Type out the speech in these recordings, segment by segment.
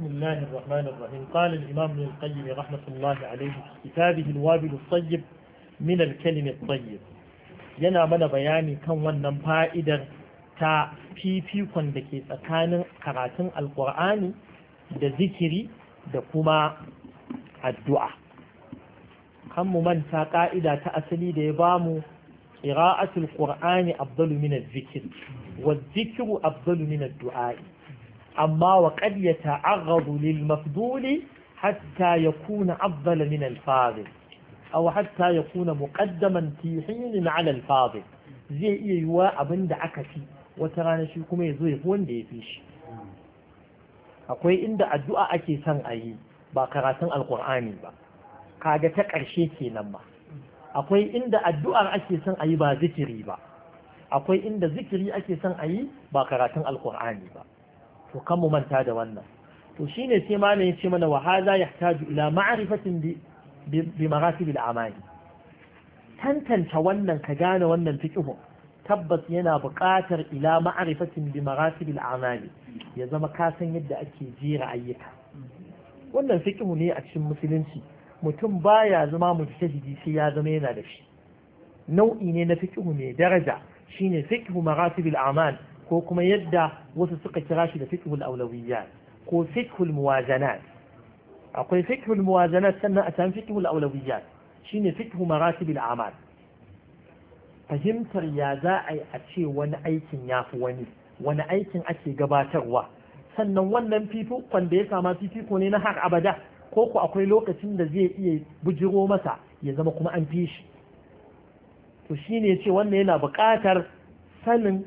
بسم الله الرحمن الرحيم قال الإمام ابن القيم رحمة الله عليه كتابه الوابل الطيب من الطيب yana mana bayani kan wannan fa'idar ta fifikon da ke tsakanin karatun alkur'ani da zikiri da kuma addu'a kan mu manta ƙa'ida ta asali da ya bamu ƙira'atul ƙur'ani abdalu min zikir wa amma wa ƙadya ta'arraru lil mafduli hatta ya kuna abdala min alfadhi aw hatta ya kuna muqaddaman fi hinin ala alfadhi zai iya yiwa abinda aka fi wata rana shi kuma ya zo ya fi wanda ya fi shi akwai inda addu'a ake son a yi ba karatun alkur'ani ba kaga ta ƙarshe kenan ba akwai inda addu'ar ake son a yi ba zikiri ba akwai inda zikiri ake son a yi ba karatun alkur'ani ba to kan mu manta da wannan to shine sai malam ya ce mana wa hadha yahtaju ila ma'rifatin bi maratib al tantance wannan ka gane wannan fiqhu tabbas yana buƙatar ila ma'rifatin bi maratib al-amali ya zama ka san yadda ake jira ayyuka wannan fiqhu ne a cikin musulunci mutum baya zama mujtahidi sai ya zama yana da shi nau'i ne na fiqhu ne daraja shine fiqhu maratib al ko kuma yadda wasu suka kira shi da fiqhul awlawiyya ko fiqhul muwazanat akwai fiqhul muwazanat sannan a san fiqhul awlawiyya shine fiqhu maratibil a'mal fahimtar ya za a yi a ce wani aikin ya fi wani wani aikin ake gabatarwa sannan wannan fifikon da ya kama fifiko ne na har abada ko ku akwai lokacin da zai iya bujiro masa ya zama kuma an fi shi to shi ne ce wannan yana buƙatar sanin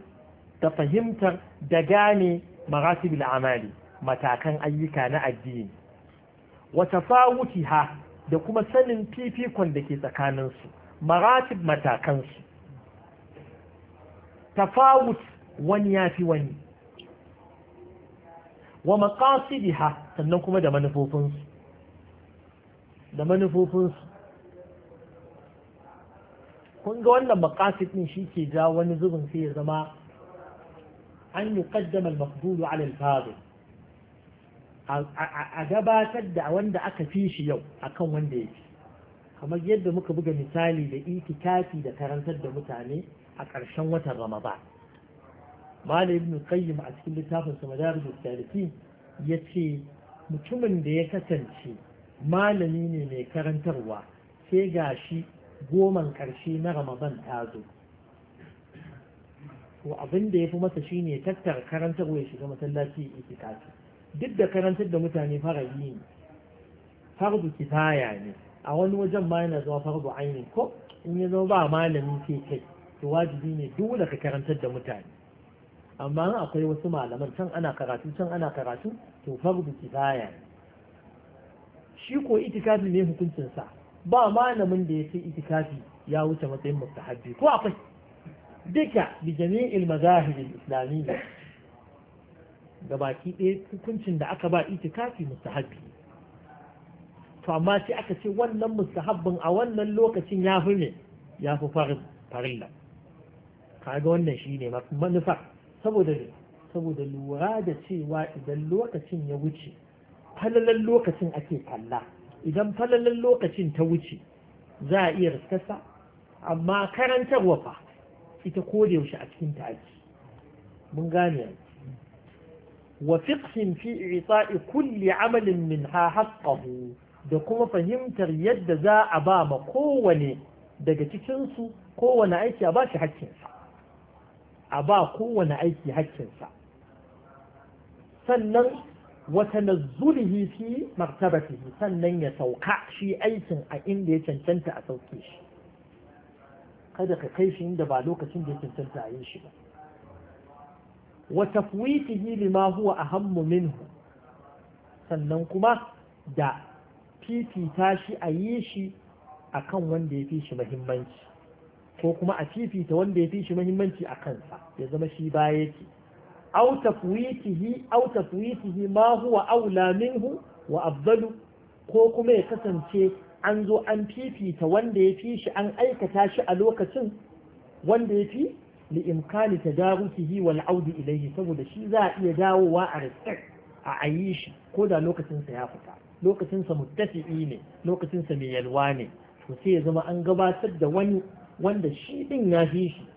da fahimtar da gane maratibul amali matakan ayyuka na addini wa tafawutiha da kuma sanin fifikon da ke tsakaninsu maratib matakansu tafawut wani ya fi wani wa maqasidiha sannan kuma da manufofinsu da manufofinsu kun ga wannan maqasid shi ke ja wani zubin sai ya zama an yuqaddama al-maqbul ala al-fadil a gabatar da wanda aka fi shi yau akan wanda ya ci, kamar yadda muka buga misali da itikafi da karantar da mutane a ƙarshen watan Ramadan Malamin Ibn a cikin littafin sa Madarij al-Salikin yace mutumin da ya kasance malami ne mai karantarwa sai gashi goman ƙarshe na Ramadan ta zo to abin da ya fi masa shine ya tattara karantar ya shiga masallaci itikafi duk da karantar da mutane farali ne fardu kifaya ne a wani wajen ma yana zama fardu aini ko in ya zama ba malamin sai kai to wajibi ne dole ka karantar da mutane amma in akwai wasu malaman can ana karatu can ana karatu to fardu kifaya ne shi ko itikafi ne hukuncinsa ba malamin da ya ce itikafi ya wuce matsayin mustahabbi ko akwai duka bi jami'il mazahibin islamiyya ga baki ɗaya hukuncin da aka ba ita itikafi mustahabbi to amma sai aka ce wannan mustahabbin a wannan lokacin ya fi ne ya fi farilla kaga wannan shi ne manufa saboda saboda lura da cewa idan lokacin ya wuce falalan lokacin ake kalla idan falalan lokacin ta wuce za a iya riskasa amma karantarwa fa ita ko da yaushe a cikin ta aiki mun gane wa fiqhin fi i'ta'i kulli amalin minha haqqahu da kuma fahimtar yadda za a ba ma kowane daga cikin su kowane aiki a ba shi sa a ba kowane aiki sa sannan wata nazurihi fi martabatihi sannan ya sauka shi aikin a inda ya cancanta a sauke shi kada ka kai shi inda ba lokacin da ya cancanta a yi shi ba wa tafwiqihi lima huwa ahammu minhu sannan kuma da fifita shi a yi shi akan wanda ya fi shi muhimmanci ko kuma a fifita wanda ya fi shi muhimmanci a kansa ya zama shi baya yake aw tafwiqihi aw tafwiqihi ma huwa aula minhu wa afdalu ko kuma ya kasance an zo an fifita wanda ya fi shi an aikata shi a lokacin wanda ya fi li imkani yi wal audi ilaihi saboda shi za a iya dawowa a respect a ayi shi ko da lokacinsa ya fita lokacinsa sa muttafi'i ne lokacinsa mai yalwa ne to sai ya zama an gabatar da wani wanda shi din ya fi shi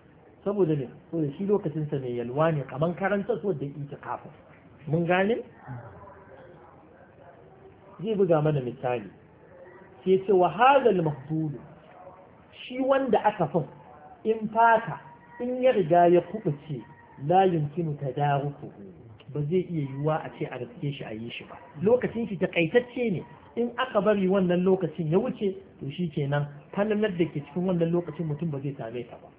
saboda ne da shi lokacinsa mai yalwa ne kamar karanta so da ita kafin mun gane zai buga mana misali sai ce wa hadal shi wanda aka fin in fata in ya riga ya layin la yumkinu tadaruku ba zai iya yiwuwa a ce a riske shi a yi shi ba lokacin shi takaitacce ne in aka bari wannan lokacin ya wuce to shi kenan falalar da ke cikin wannan lokacin mutum ba zai same ta ba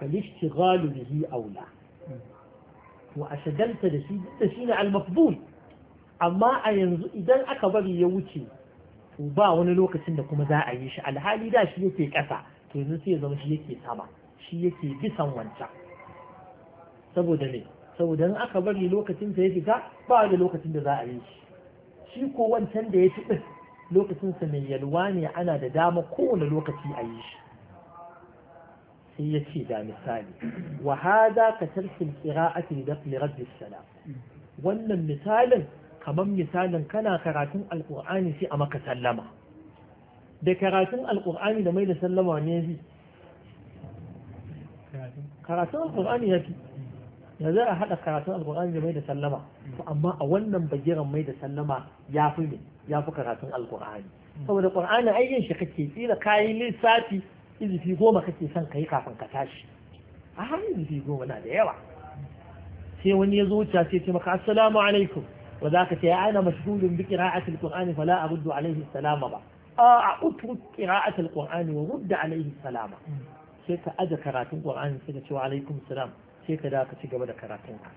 kalishti bihi aula to a shagalta da shi da shi ne al-mafdul amma a yanzu idan aka bari ya wuce ba wani lokacin da kuma za a yi shi alhali da shi yake ƙasa to yanzu sai ya zama shi yake sama shi yake bisan wancan saboda ne saboda in aka bari lokacin sa ya fita ba da lokacin da za a yi shi shi ko wancan da ya fi din lokacin sa mai yalwa ne ana da dama kowane lokaci a yi shi sai ya ce da misali wa hada ka tarkin qira'ati li rabbi salam wannan misalin kamar misalin kana karatun alkur'ani sai a maka sallama da karatun alkur'ani da mai da sallama ne fi karatun alkur'ani ya fi ya za a haɗa karatun alkur'ani da mai da sallama amma a wannan bagiran mai da sallama ya fi ne ya fi karatun alkur'ani saboda ƙur'ani aikin shi kake tsira kayi lissafi izifi goma kake son ka kafin ka tashi a har izifi goma na da yawa sai wani ya zo wuce sai ce maka assalamu alaikum ba za ka ce ya ana mashgulin bi qira'atil qur'ani fala aruddu alaihi salama ba a utruk qira'atil qur'ani wa rudda alaihi salama sai ka aje karatun qur'ani sai ka ce wa alaikum sai ka da gaba da karatun ka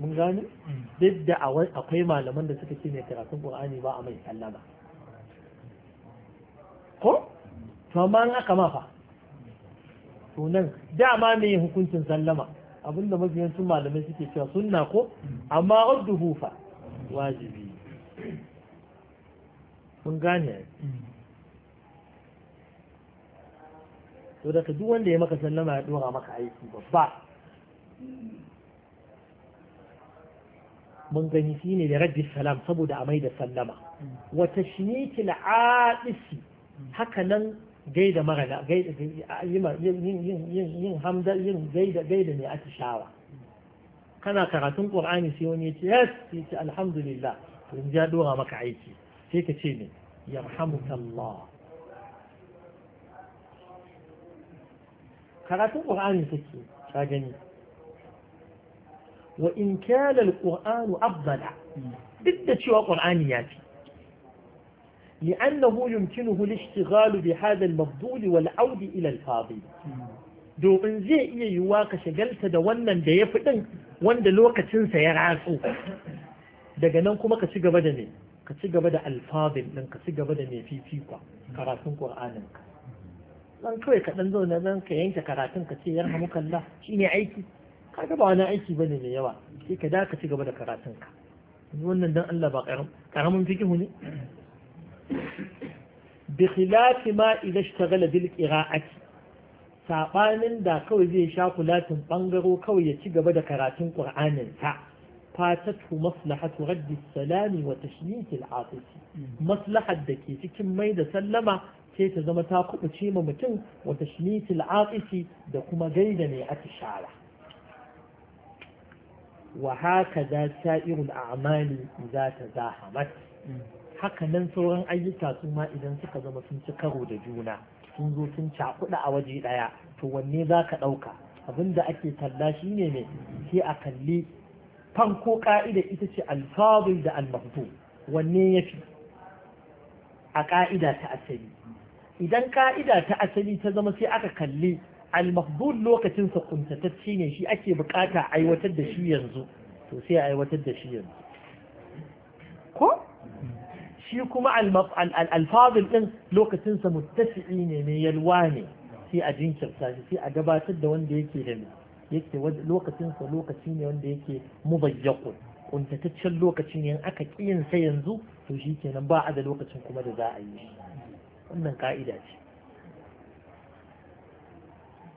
mun akwai malaman da suka ce karatun ba a mai sallama ko to amma an aka fa to nan dama ne hukuncin sallama abinda mafiyancin malamai suke cewa sunna ko amma raddu hufa wajibi mun gane to daga duk wanda ya maka sallama ya dora maka aiki babba mun gani shi ne da raddi salam saboda a mai da sallama wata shi ne haka nan جيدا مغلا جيدا يين حمد يين جيدا جيدا يا اتشاوا كما قرات القران سيوني يس الحمد لله ان جاء دوغا مك عيتي سي كتيني يرحمك الله قرات القران تكي شاجني وان كان القران افضل بدك شو القران ياتي لأنه يمكنه الاشتغال بهذا المفضول والعود إلى الفاضل domin zai iya yiwuwa ka shagalta da wannan da ya fi wanda lokacinsa ya ratsu daga nan kuma ka ci gaba da ne ka ɗin ka ci da mai fifikwa karatun ƙur'anin zan kawai ka ɗan zan ka yanke karatun ka ce yarhamu kalla shi ne aiki ka gaba wani aiki bane mai yawa sai ka da ka da karatun ka wannan Allah ba ƙaramin ne bi khilafi ma idan ishtaghala bil qira'ati Saɓanin da kawai zai sha kulatin ɓangaro kawai ya ci gaba da karatun qur'anin sa fatatu maslahatu raddi salami wa tashnit al maslahar da ke cikin mai da sallama sai ta zama ta kubuce ma mutum wa tashnit al da kuma gaida ne atishara وهكذا سائر الأعمال إذا تزاحمت haka nan sauran ayyuka su ma idan suka zama sun ci karo da juna sun zo sun cakuɗa a waje ɗaya to wanne za ka ɗauka abin da ake talla shi ne ne sai a kalli fanko ƙa'ida ita ce alfadul da almahdu wanne ya fi a ƙa'ida ta asali idan ƙa'ida ta asali ta zama sai aka kalli almahdu lokacinsa kuntatacce ne shi ake buƙata aiwatar da shi yanzu to sai a aiwatar da shi yanzu ko shi kuma alfazil ɗin lokacinsa muttafi'i ne mai yalwa ne sai a jinkirta shi sai a gabatar da wanda yake da yake lokacinsa lokaci ne wanda yake mubayyakun kuntataccen lokaci ne aka kiyin sa yanzu to shi kenan ba a da lokacin kuma da za a yi wannan ka'ida ce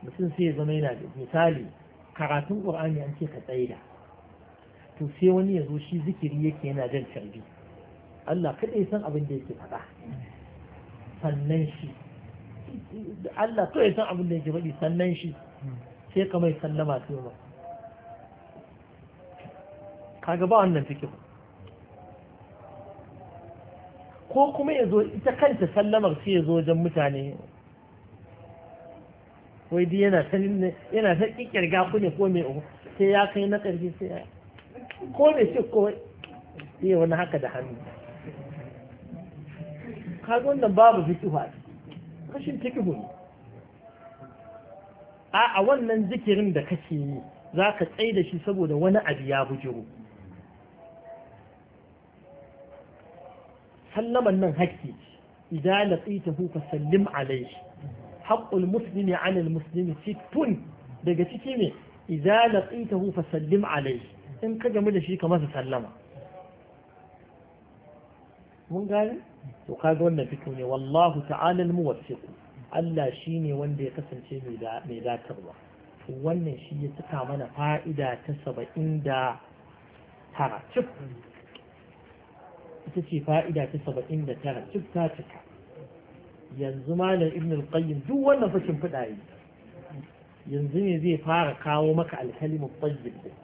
mutum sai ya zama yana da misali karatun ƙur'ani an ce ka tsaida to sai wani ya zo shi zikiri yake yana jan carbi Allah kaɗai san abin da yake faɗa sannan shi Allah kaɗai san abin da yake faɗi sannan shi sai ka mai sallama sai ba kaga ba wannan fikin ko kuma ya zo ita kanta sallamar sai ya zo wajen mutane wai dai yana sanin yana kikkir ga ku ne ko me uku sai ya kai na ƙarfi sai ya ko me ce ko sai wani haka da hannu kaga wannan babu fiqhu a rashin fiqhu ne a a wannan zikirin da kake yi zaka tsai da shi saboda wani abu ya bujiro sallaman nan hakki idan laqitahu fa sallim alayhi haqqul muslimi 'ala al-muslimi sittun daga ciki ne idan laqitahu fa sallim alayhi in ka gamu da shi ka masa sallama mun gane to kaga wannan fito ne wallahu ta'ala al-muwaffiq Allah shine wanda ya kasance mai datarwa wannan shi ya saka mana fa'ida ta saba'in da tara cif ita ce fa'ida ta saba'in da tara cif ta cika yanzu malam ibn al-qayyim duk wannan fashin fida yanzu ne zai fara kawo maka alkalimin tayyib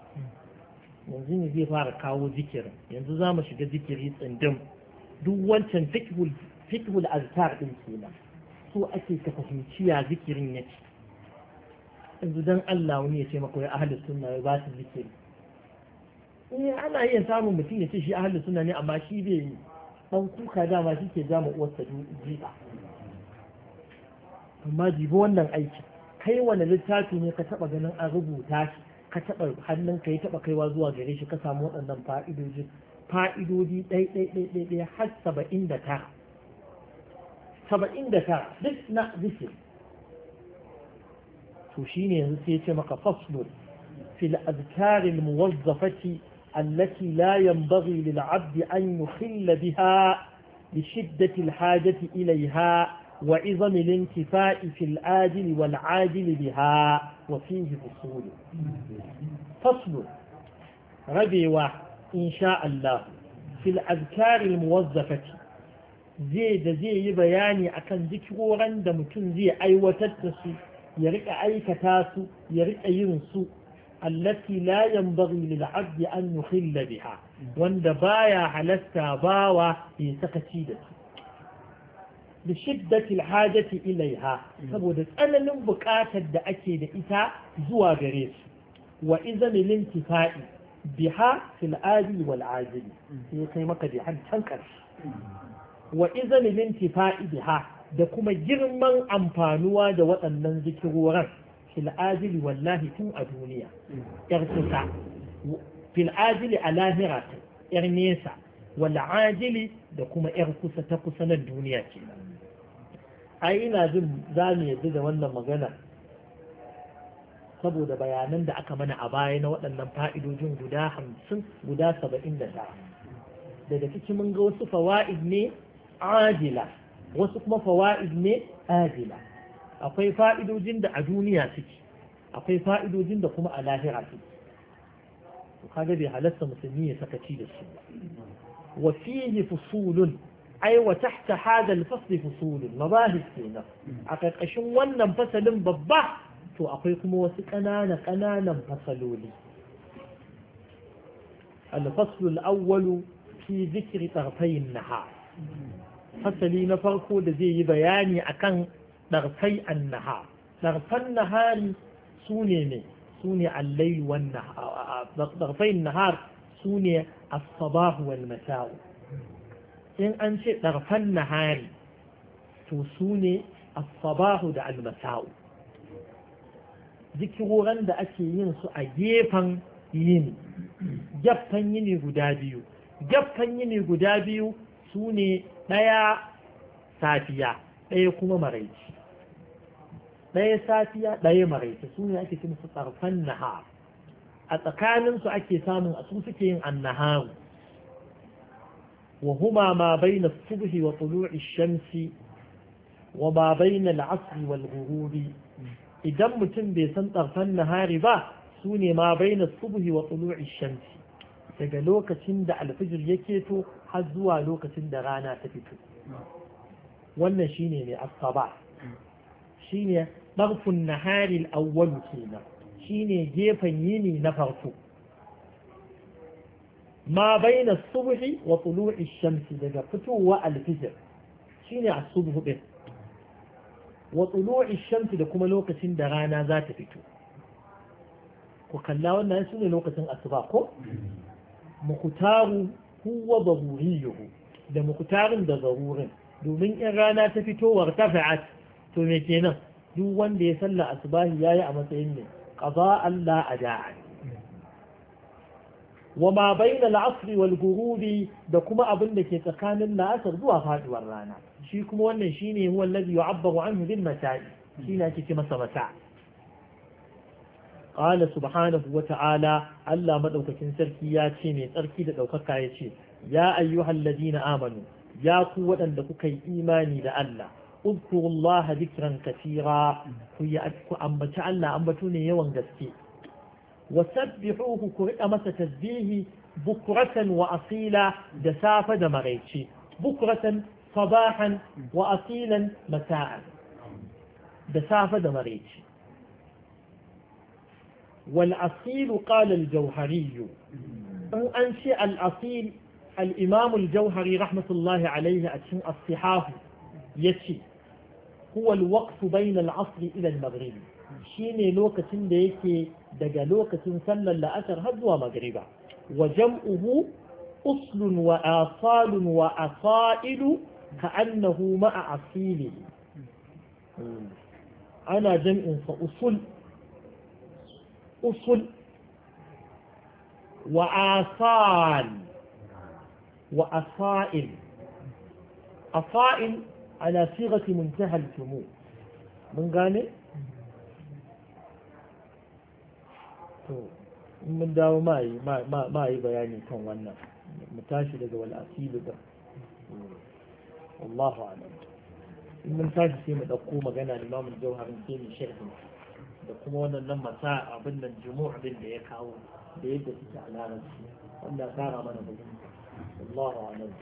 yanzu ne zai fara kawo zikirin yanzu za mu shiga zikiri tsindin duk wancan fikhul azkar din kenan so ake ka fahimci ya zikirin yake yanzu dan Allah wani ya ce maka ya ahlus sunna ya ba su zikiri eh ana iya samun mutum ya ce shi ahlus sunna ne amma shi bai yi dan kuka dama shi ke jama uwarsa jiba amma jibi wannan aiki kai wani littafi ne ka taba ganin a rubuta shi ka taba hannun ka ya taba kaiwa zuwa gare shi ka samu waɗannan fa'idojin fa'idodi ɗai-ɗai-ɗai har saba'in da tara saba'in da tara duk na zikir to shi ne yanzu sai ce maka faslun fil azkarin muwazzafati allati la yanbaghi lil abdi an yukhilla biha li shiddati al hajati ilayha wa izami al intifa'i fil ajili wal ajili biha wa fihi usul faslun rabewa in sha Allah fil azkaril muwazzafati zai da zai yi bayani akan zikiroran da mutum zai aiwatar da su ya rika aikata su ya rika yin su allati la yanbaghi lil an yukhilla biha wanda baya halasta bawa ya sakaci da su da shiddatil hajati ilaiha saboda tsananin buƙatar da ake da ita zuwa gare su wa izamil intifa'i biha fil adi wal ajili sai kai maka bihan can karshe wa izan lintifa'i biha da kuma girman amfanuwa da waɗannan zikiroran fil ajili wallahi tun a duniya yar kusa fil ajili a lahira yar nesa wal ajili da kuma yar kusa ta kusa nan duniya kenan ai ina jin za mu yadda da wannan magana saboda bayanan da aka mana a baya na waɗannan fa'idojin guda hamsin guda saba'in da ta. daga ciki mun ga wasu fawa'id ne ajila wasu kuma fawa'id ne ajila akwai fa'idojin da a duniya suke akwai fa'idojin da kuma a lahira suke kaga bai halarta musulmi ya sakaci da su wa fihi fusulun ai wa tahta hada al-fasl fusulun mabahis kenan a karkashin wannan fasalin babba to akwai kuma wasu ƙanana ƙananan fasaloli alfaslul awwalu fi zikiri ɗarfayin Naha. fasali na farko da zai yi bayani akan ɗarfai an Naha. ɗarfan nahari su ne ne su ne allai ɗarfayin nahar su ne asabahu wal mata'u in an ce ɗarfan nahari to su ne asabahu da almata'u zikiroran da ake yin su a gefen yini gefen yini guda biyu gefen yini guda biyu su ne ɗaya safiya ɗaya kuma maraici ɗaya safiya ɗaya maraici su ne ake cin su tsarfan nahar a tsakaninsu ake samun a su suke yin annaharu وهما ما بين الصبح وطلوع الشمس وما بين العصر والغروب idan mutum bai san tsarfan nahari ba su ne ma baina subuhi wa tulu'i shamsi daga lokacin da alfijir ya keto har zuwa lokacin da rana ta fito wannan shine mai asaba ne ɗarfin nahari awwalu awwal kenan shine gefen yini na farko Ma baina الصبح وطلوع الشمس shamsi فتوى fitowa شيني على الصبح به wa tsulo'i shamsu da kuma lokacin da rana za ta fito ku kalla wannan su ne lokacin asuba ko mukutaru huwa zaruriyyuhu da mukutarin da zarurin domin in rana ta fitowar tafa'at to me kenan duk wanda ya salla asubahi yayi a matsayin ne qaza Allah wa ma bayna al-asr wal da kuma abin da ke tsakanin la'asar zuwa faduwar rana shi kuma wannan shine huwa alladhi yu'abbaru anhu bil mata'i shine ake ce masa mata qala subhanahu wa ta'ala Allah madaukakin sarki ya ce mai tsarki da daukaka ya ce ya ayyuhal ladina amanu ya ku waɗanda kuka yi imani da Allah udkurullaha dhikran katira ku yi ku ambaci Allah ambatu ne yawan gaske wasabbihuhu ku kuriɗa masa tasbihi bukratan wa asila da safa da maraice bukratan صباحا وأصيلا مساء دسافة دمريج والأصيل قال الجوهري أنشئ الأصيل الإمام الجوهري رحمة الله عليه أتشم الصحاف يشي هو الوقف بين العصر إلى المغرب شيني لوكة ديكي دقا لوكة سلا لأثر هدوى مغربا وجمعه أصل وآصال وأصائل كأنه مع أصيله أنا جمع فأصل أصل وآصال وأصائل أصائل على صيغة منتهى الجموع من قال من داو ما ما ما ما يعني كون وانا متاشي لقى والأصيل ده والله أعلم in mun tashi sai mu ɗauko magana limamin jauharin sai mu sharhi da kuma wannan nan masa abin nan jumu'a din da ya kawo da yadda suke a larabci wanda kara mana bayyana Allahu a'lam